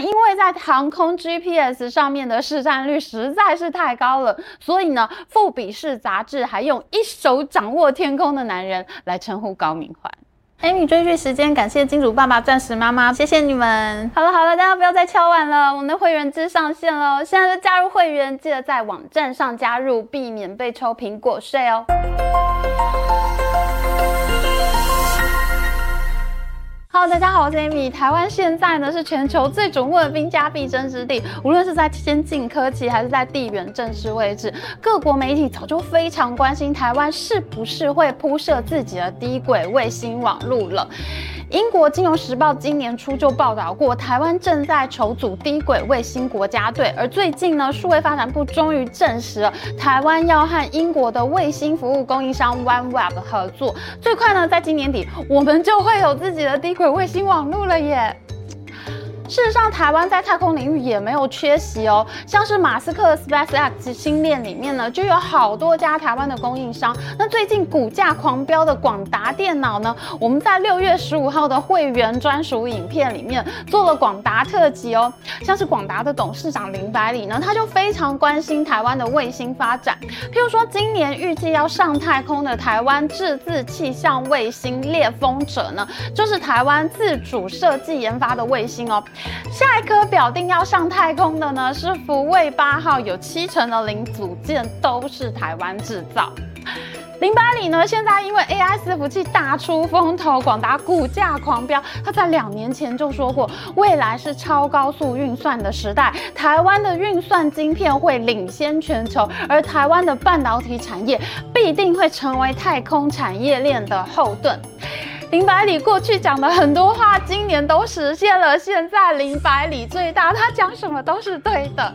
因為在航空 GPS 上面的市佔率實在是太高了，所以呢，《富比士》雜誌還用“一手掌握天空的男人”來稱呼高民環。Emmy 追劇時間，感謝金主爸爸、鑽石媽媽，謝謝你們。好了好了，大家不要再敲碗了，我們的會員制上線了，現在就加入會員，記得在網站上加入，避免被抽蘋果稅哦。Hello，大家好，我是 Amy。台灣現在呢是全球最矚目的兵家必爭之地，無論是在先進科技還是在地緣政治位置，各國媒體早就非常關心台灣是不是會鋪設自己的低軌衛星網路了。英國金融時報今年初就報道過，台灣正在籌組低軌衛星國家隊，而最近呢，數位發展部終於證實了，台灣要和英國的衛星服務供應商 OneWeb 合作，最快呢，在今年底，我們就會有自己的低軌衛星網路了耶。事實上，臺灣在太空領域也沒有缺席哦。像是馬斯克的 SpaceX 星鏈裡面呢，就有好多家臺灣的供應商。那最近股價狂飆的廣達電腦呢，我們在六月十五號的會員專屬影片裡面做了廣達特輯哦。像是廣達的董事長林百里呢，他就非常關心臺灣的衛星發展。譬如說，今年預計要上太空的臺灣自製氣象衛星“獵風者”呢，就是臺灣自主設計研發的衛星哦。下一顆表定要上太空的呢，是福衛八號，有七成的零組件都是台灣製造。林百里呢，現在因為 A I 伺服器大出風頭，廣達股價狂飆。他在兩年前就說過，未來是超高速運算的時代，台灣的運算晶片會領先全球，而台灣的半導體產業必定會成為太空產業鏈的後盾。林百里過去講的很多話，今年都實現了。現在林百里最大，他講什麼都是對的。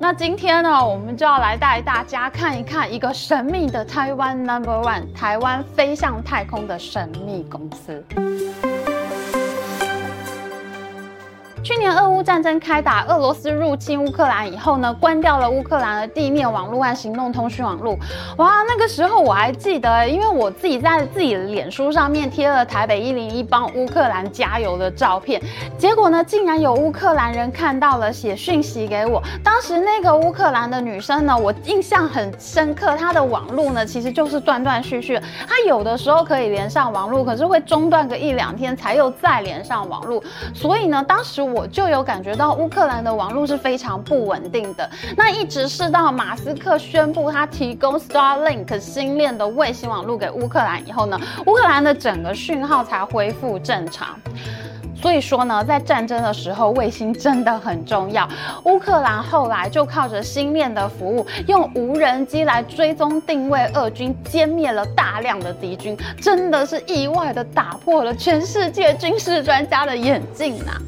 那今天呢，我們就要來帶大家看一看一個神秘的台灣 Number One，台灣飛向太空的神秘公司。去年俄烏戰爭開打，俄羅斯入侵烏克蘭以後呢，關掉了烏克蘭的地面網絡和行動通訊網絡。哇，那個時候我還記得，因為我自己在自己的臉書上面貼了台北一零一幫烏克蘭加油的照片，結果呢，竟然有烏克蘭人看到了，寫訊息給我。當時那個烏克蘭的女生呢，我印象很深刻，她的網絡呢其實就是斷斷續續，她有的時候可以連上網絡，可是會中斷個一兩天才又再連上網絡。所以呢，當時我。我就有感覺到烏克蘭的網絡是非常不穩定的，那一直是到馬斯克宣布他提供 Starlink 星鏈的衛星網絡給烏克蘭以後呢，烏克蘭的整個訊號才恢復正常。所以說呢，在戰爭的時候，衛星真的很重要。烏克蘭後來就靠着星鏈的服務，用無人機來追蹤定位俄軍，殲滅了大量的敵軍，真的是意外的打破了全世界軍事專家的眼鏡吶、啊。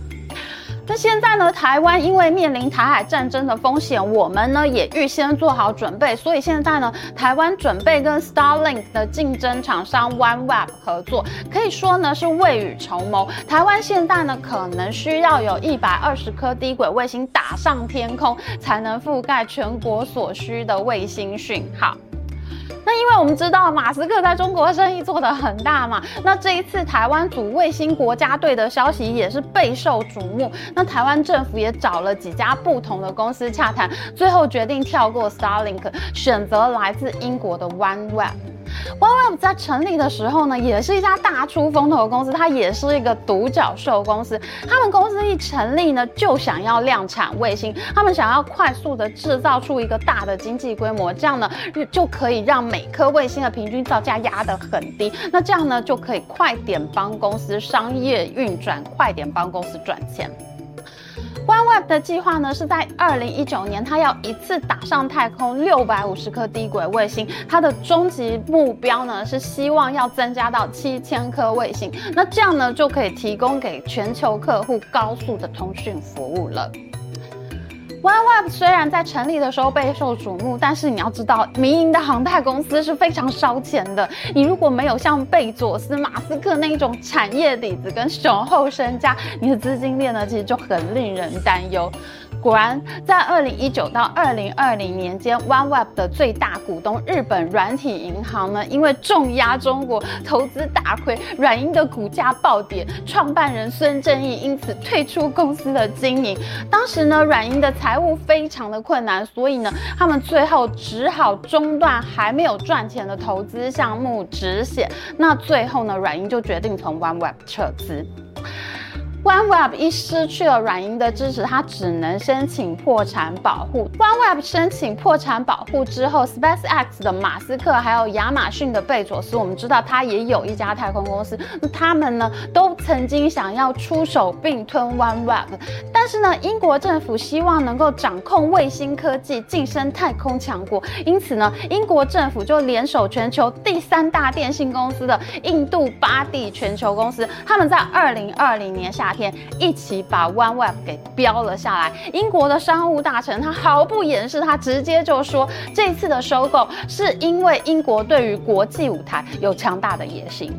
那現在呢，台灣因為面臨台海戰爭的風險，我們呢也預先做好準備。所以現在呢，台灣準備跟 Starlink 的競爭廠商 OneWeb 合作，可以說呢是未雨綢繆。台灣現在呢可能需要有一百二十顆低軌衛星打上天空，才能覆蓋全國所需的衛星訊號。那因為我們知道馬斯克在中國生意做得很大嘛，那這一次台灣組衛星國家隊的消息也是備受矚目。那台灣政府也找了幾家不同的公司洽談，最後決定跳過 Starlink，選擇來自英國的 OneWeb。OneWeb 在成立的時候呢，也是一家大出風頭的公司，它也是一個獨角獸公司。他們公司一成立呢，就想要量產衛星，他們想要快速的制造出一個大的經濟規模，這樣呢就可以讓每顆衛星的平均造價壓得很低，那這樣呢就可以快點幫公司商業運轉，快點幫公司賺錢。OneWeb 的計劃呢，是在二零一九年，它要一次打上太空六百五十顆低軌衛星。它的終極目標呢，是希望要增加到七千顆衛星。那這樣呢，就可以提供給全球客戶高速的通訊服務了。OneWeb 雖然在成立的時候備受矚目，但是你要知道，民營的航太公司是非常燒錢的。你如果沒有像貝佐斯、馬斯克那一種產業底子跟雄厚身家，你的資金鏈呢，其實就很令人擔憂。果然，在二零一九到二零二零年間，OneWeb 的最大股東日本軟體銀行呢，因為重壓中國投資大虧，軟銀的股價暴跌，創辦人孫正義因此退出公司的經營。當時呢，軟銀的財務非常的困難，所以呢，他們最後只好中斷還沒有賺錢的投資項目，止血。那最後呢，軟銀就決定從 OneWeb 撤資。OneWeb 一失去了軟銀的支持，它只能申請破產保護。OneWeb 申請破產保護之後，SpaceX 的馬斯克還有亞馬遜的貝佐斯，我們知道他也有一家太空公司，那他們呢都曾經想要出手併吞 OneWeb，但是呢英國政府希望能夠掌控衛星科技，晉升太空強國，因此呢英國政府就聯手全球第三大電信公司的印度巴蒂全球公司，他們在二零二零年下。天一起把 OneWeb 給標了下來。英國的商務大臣他毫不掩飾，他直接就說，這次的收購是因為英國對於國際舞台有強大的野心。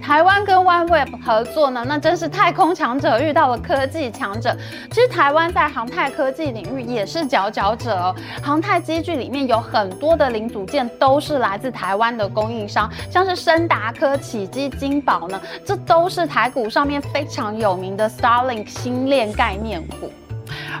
台灣跟 OneWeb 合作呢，那真是太空強者遇到了科技強者。其實台灣在航太科技領域也是佼佼者哦。航太機具裡面有很多的零組件都是來自台灣的供應商，像是昇達科、啟碁、金寶呢，這都是台股上面非常有名的 Starlink 星鏈概念股。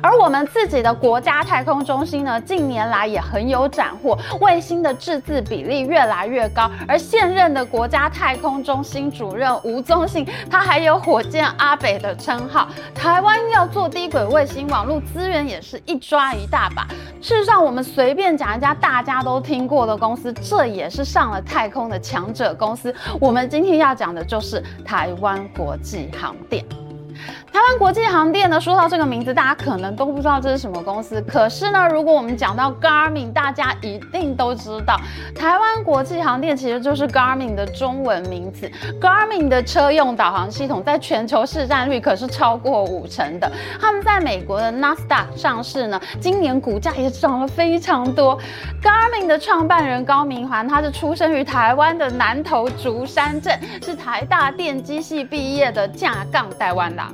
而我們自己的國家太空中心呢，近年來也很有斬獲，衛星的自製比例越來越高。而現任的國家太空中心主任吳宗信，他還有“火箭阿北”的稱號。台灣要做低軌衛星網絡，資源也是一抓一大把。事實上，我們隨便講一家大家都聽過的公司，這也是上了太空的強者公司。我們今天要講的就是台灣國際航電。台灣國際航電呢，說到這個名字，大家可能都不知道這是什麼公司。可是呢，如果我們講到 Garmin，大家一定都知道，台灣國際航電其實就是 Garmin 的中文名字。Garmin 的車用導航系統在全球市占率可是超過五成的。他們在美國的 Nasdaq 上市呢，今年股價也漲了非常多。Garmin 的創辦人高民環，他是出生於台灣的南投竹山鎮，是台大電機系畢業的架槓台灣郎。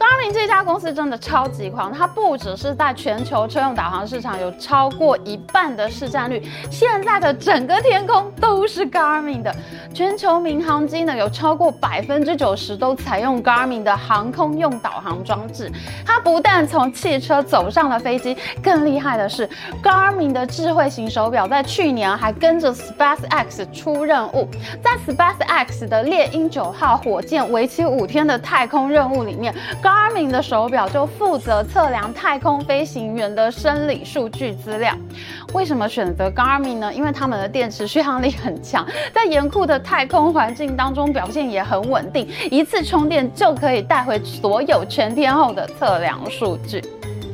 Garmin 這家公司真的超級狂，它不只是在全球車用導航市場有超過一半的市占率，現在的整個天空都是 Garmin 的。全球民航機呢，有超過百分之九十都採用 Garmin 的航空用導航裝置。它不但從汽車走上了飛機，更厲害的是，Garmin 的智慧型手表在去年還跟着 SpaceX 出任務，在 SpaceX 的獵鷹九號火箭為期五天的太空任務裡面。Garmin 的手表就負責測量太空飛行員的生理數據資料。為什麼選擇 Garmin 呢？因為他們的電池續航力很強，在嚴酷的太空環境當中表現也很穩定，一次充電就可以帶回所有全天候的測量數據。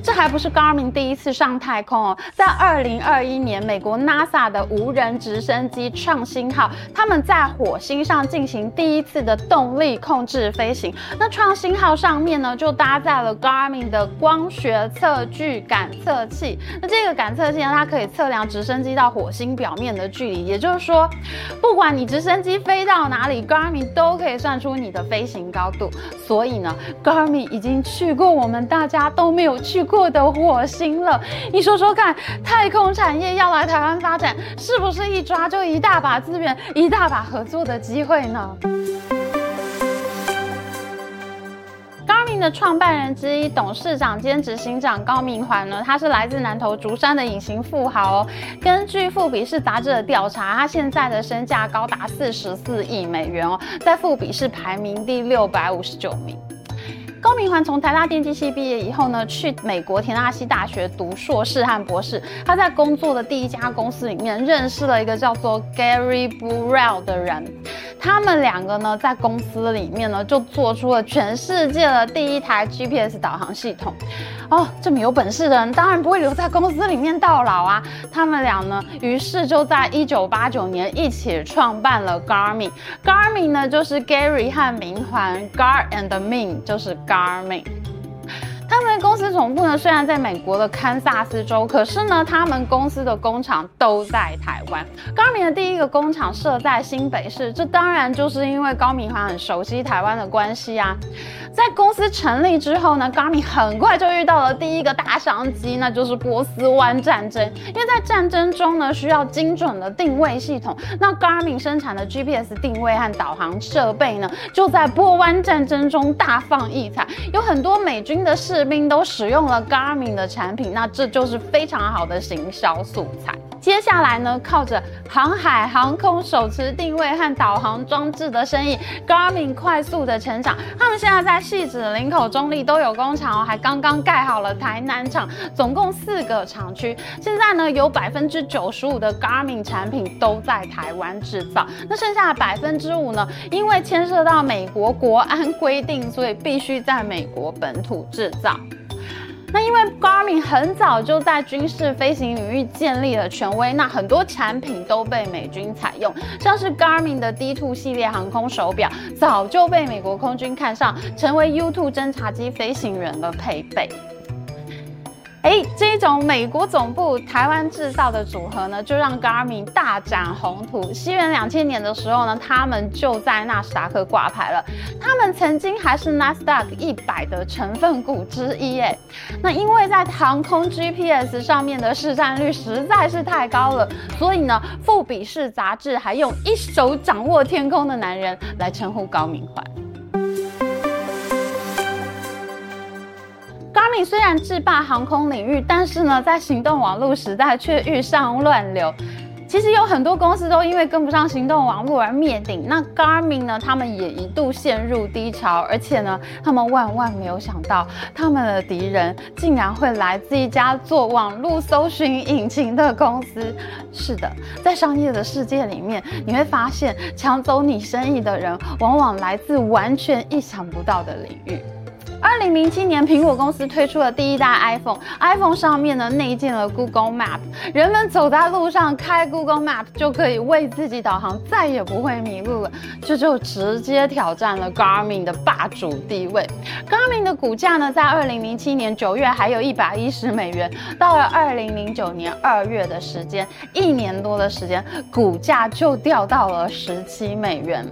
這還不是 Garmin 第一次上太空哦，在二零二一年，美國 NASA 的無人直升機創新號，他們在火星上進行第一次的動力控制飛行。那創新號上面呢，就搭載了 Garmin 的光學測距感測器。那這個感測器呢，它可以測量直升機到火星表面的距離，也就是說，不管你直升機飛到哪裡，Garmin 都可以算出你的飛行高度。所以呢，Garmin 已經去過我們大家都沒有去過。過的火星了，你說說看，太空產業要來台灣發展，是不是一抓就一大把資源、一大把合作的機會呢？Garmin 的創辦人之一、董事長兼執行長高民環呢，他是來自南投竹山的隱形富豪哦。根據富比士雜誌的調查，他現在的身價高達四十四億美元哦，在富比士排名第六百五十九名。高民環從台大電機系畢業以後呢，去美國田納西大學讀碩士和博士。他在工作的第一家公司裡面認識了一個叫做 Gary Burrell 的人，他們兩個呢在公司裡面呢就做出了全世界的第一台 GPS 導航系統。哦，這麼有本事的人當然不會留在公司裡面到老啊！他們倆呢，於是就在一九八九年一起創辦了 Garmin。Garmin 呢，就是 Gary 和民環，Gar and Ming 就是 Garmin。他們。公司總部呢，雖然在美國的堪薩斯州，可是呢，他們公司的工廠都在台灣。Garmin 的第一個工廠設在新北市，這當然就是因為高民環很熟悉台灣的關係啊。在公司成立之後呢，Garmin 很快就遇到了第一個大商機，那就是波斯灣戰爭。因為在戰爭中呢，需要精準的定位系統，那 Garmin 生產的 GPS 定位和導航設備呢，就在波灣戰爭中大放異彩，有很多美軍的士兵。都使用了 Garmin 的產品，那這就是非常好的行銷素材。接下來呢，靠着航海、航空手持定位和導航裝置的生意，Garmin 快速的成長。他們現在在汐止、林口、中壢都有工廠哦，還剛剛蓋好了台南廠，總共四個廠區。現在呢，有百分之九十五的 Garmin 產品都在台灣製造，那剩下的百分之五呢，因為牽涉到美國國安規定，所以必須在美國本土制造。那因為 Garmin 很早就在軍事飛行領域建立了權威，那很多產品都被美軍採用，像是 Garmin 的 D2 系列航空手表，早就被美國空軍看上，成為 U2 偵察機飛行員的配備。哎，這種美國總部、台灣製造的組合呢，就讓 Garmin 大展宏圖。西元兩千年的時候呢，他們就在納斯達克掛牌了。他們曾經還是納斯達克一百的成分股之一。哎，那因為在航空 GPS 上面的市占率實在是太高了，所以呢，《富比士》雜誌還用“一手掌握天空的男人”來稱呼高民環。雖然制霸航空領域，但是呢，在行動網絡時代卻遇上亂流。其實有很多公司都因為跟不上行動網絡而滅頂。那 Garmin 呢，他們也一度陷入低潮，而且呢，他們萬萬沒有想到，他們的敵人竟然會來自一家做網絡搜尋引擎的公司。是的，在商業的世界裡面，你會發現搶走你生意的人，往往來自完全意想不到的領域。二零零七年，蘋果公司推出了第一代 iPhone。iPhone 上面呢，內建了 Google Map，人們走在路上開 Google Map 就可以為自己導航，再也不會迷路了。這就，就直接挑戰了 Garmin 的霸主地位。Garmin 的股價呢，在二零零七年九月還有一百一十美元，到了二零零九年二月的時間，一年多的時間，股價就掉到了十七美元。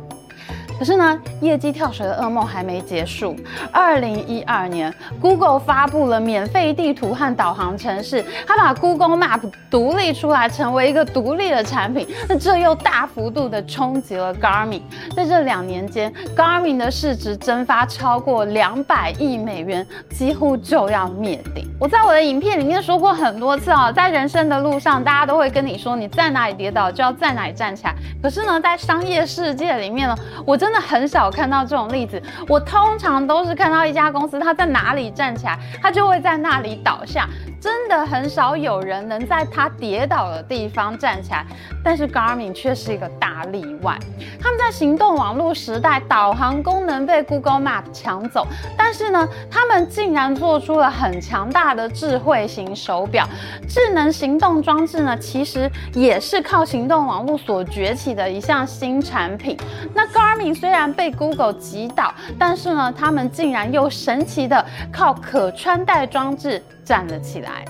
可是呢，業績跳水的噩夢還沒結束。二零一二年，Google 發布了免費地圖和導航程式，它把 Google Map 獨立出來，成為一個獨立的產品。那這又大幅度的衝擊了 Garmin。在這兩年間，Garmin 的市值蒸發超過兩百億美元，幾乎就要滅頂。我在我的影片裡面說過很多次啊、哦，在人生的路上，大家都會跟你說，你在哪裡跌倒，就要在哪裡站起來。可是呢，在商業世界裡面呢，我。真的很少看到這種例子。我通常都是看到一家公司，它在哪裡站起來，它就會在那裡倒下。真的很少有人能在他跌倒的地方站起來，但是 Garmin 卻是一個大例外。他們在行動網絡時代，導航功能被 Google Map 搶走，但是呢，他們竟然做出了很強大的智慧型手錶。智能行動裝置呢，其實也是靠行動網絡所崛起的一項新產品。那 Garmin 雖然被 Google 擊倒，但是呢，他們竟然又神奇的靠可穿戴裝置。站了起來。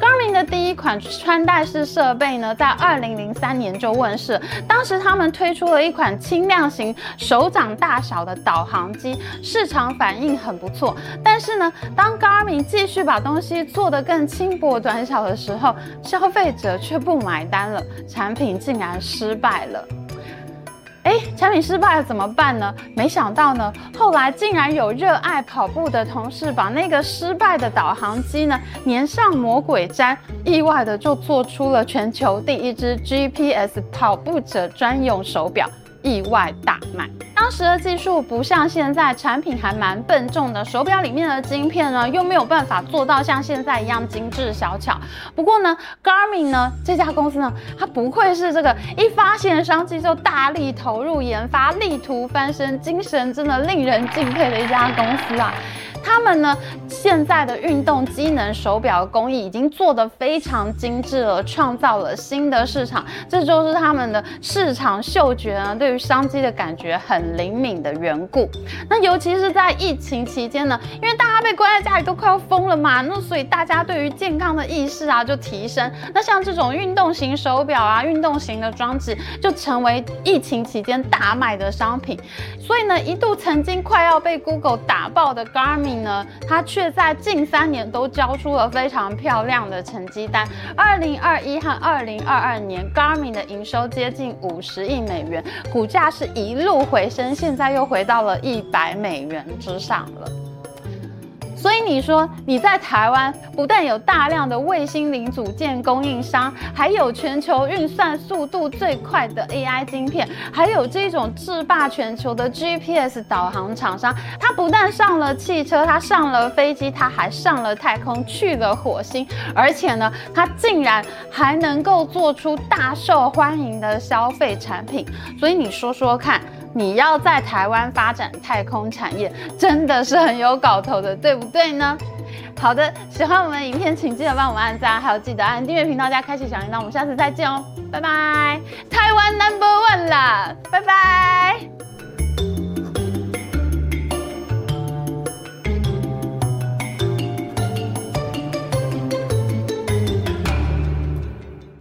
Garmin 的第一款穿戴式設備呢，在二零零三年就問世，當時他們推出了一款輕量型、手掌大小的導航機，市場反應很不錯。但是呢，當 Garmin 繼續把東西做得更輕薄短小的時候，消費者卻不買單了，產品竟然失敗了。誒，產品失敗了怎麼辦呢？沒想到呢，後來竟然有熱愛跑步的同事把那個失敗的導航機呢粘上魔鬼氈，意外的就做出了全球第一隻 GPS 跑步者專用手錶。意外大賣，當時的技術不像現在，產品還蠻笨重的。手表裡面的晶片呢，又沒有辦法做到像現在一樣精致小巧。不過呢，Garmin 呢，這家公司呢，它不愧是這個一發現商機就大力投入研發，力圖翻身，精神真的令人敬佩的一家公司啊。他們呢，現在的運動機能手錶工藝已經做得非常精致了，創造了新的市場，這就是他們的市場嗅覺呢、啊，對於商機的感覺很靈敏的緣故。那尤其是在疫情期間呢，因為大家被關在家裡都快要瘋了嘛，那所以大家對於健康的意識啊就提升，那像這種運動型手錶啊，運動型的裝置就成為疫情期間大賣的商品，所以呢，一度曾經快要被 Google 打爆的 Garmin 呢，它卻在近三年都交出了非常漂亮的成績單。二零二一和二零二二年，Garmin 的營收接近五十億美元，股價是一路回升，現在又回到了一百美元之上了。所以你說，你在台灣不但有大量的衛星零組件供應商，還有全球運算速度最快的 AI 晶片，還有這種制霸全球的 GPS 導航廠商。它不但上了汽車，它上了飛機，它還上了太空，去了火星。而且呢，它竟然還能夠做出大受歡迎的消費產品。所以你說說看。你要在台灣發展太空產業，真的是很有搞頭的，對不對呢？好的，喜歡我們的影片，請記得幫我們按讚，還有記得按訂閱頻道加開啟小鈴鐺，我們下次再見哦，拜拜！台灣 Number One 啦！拜拜！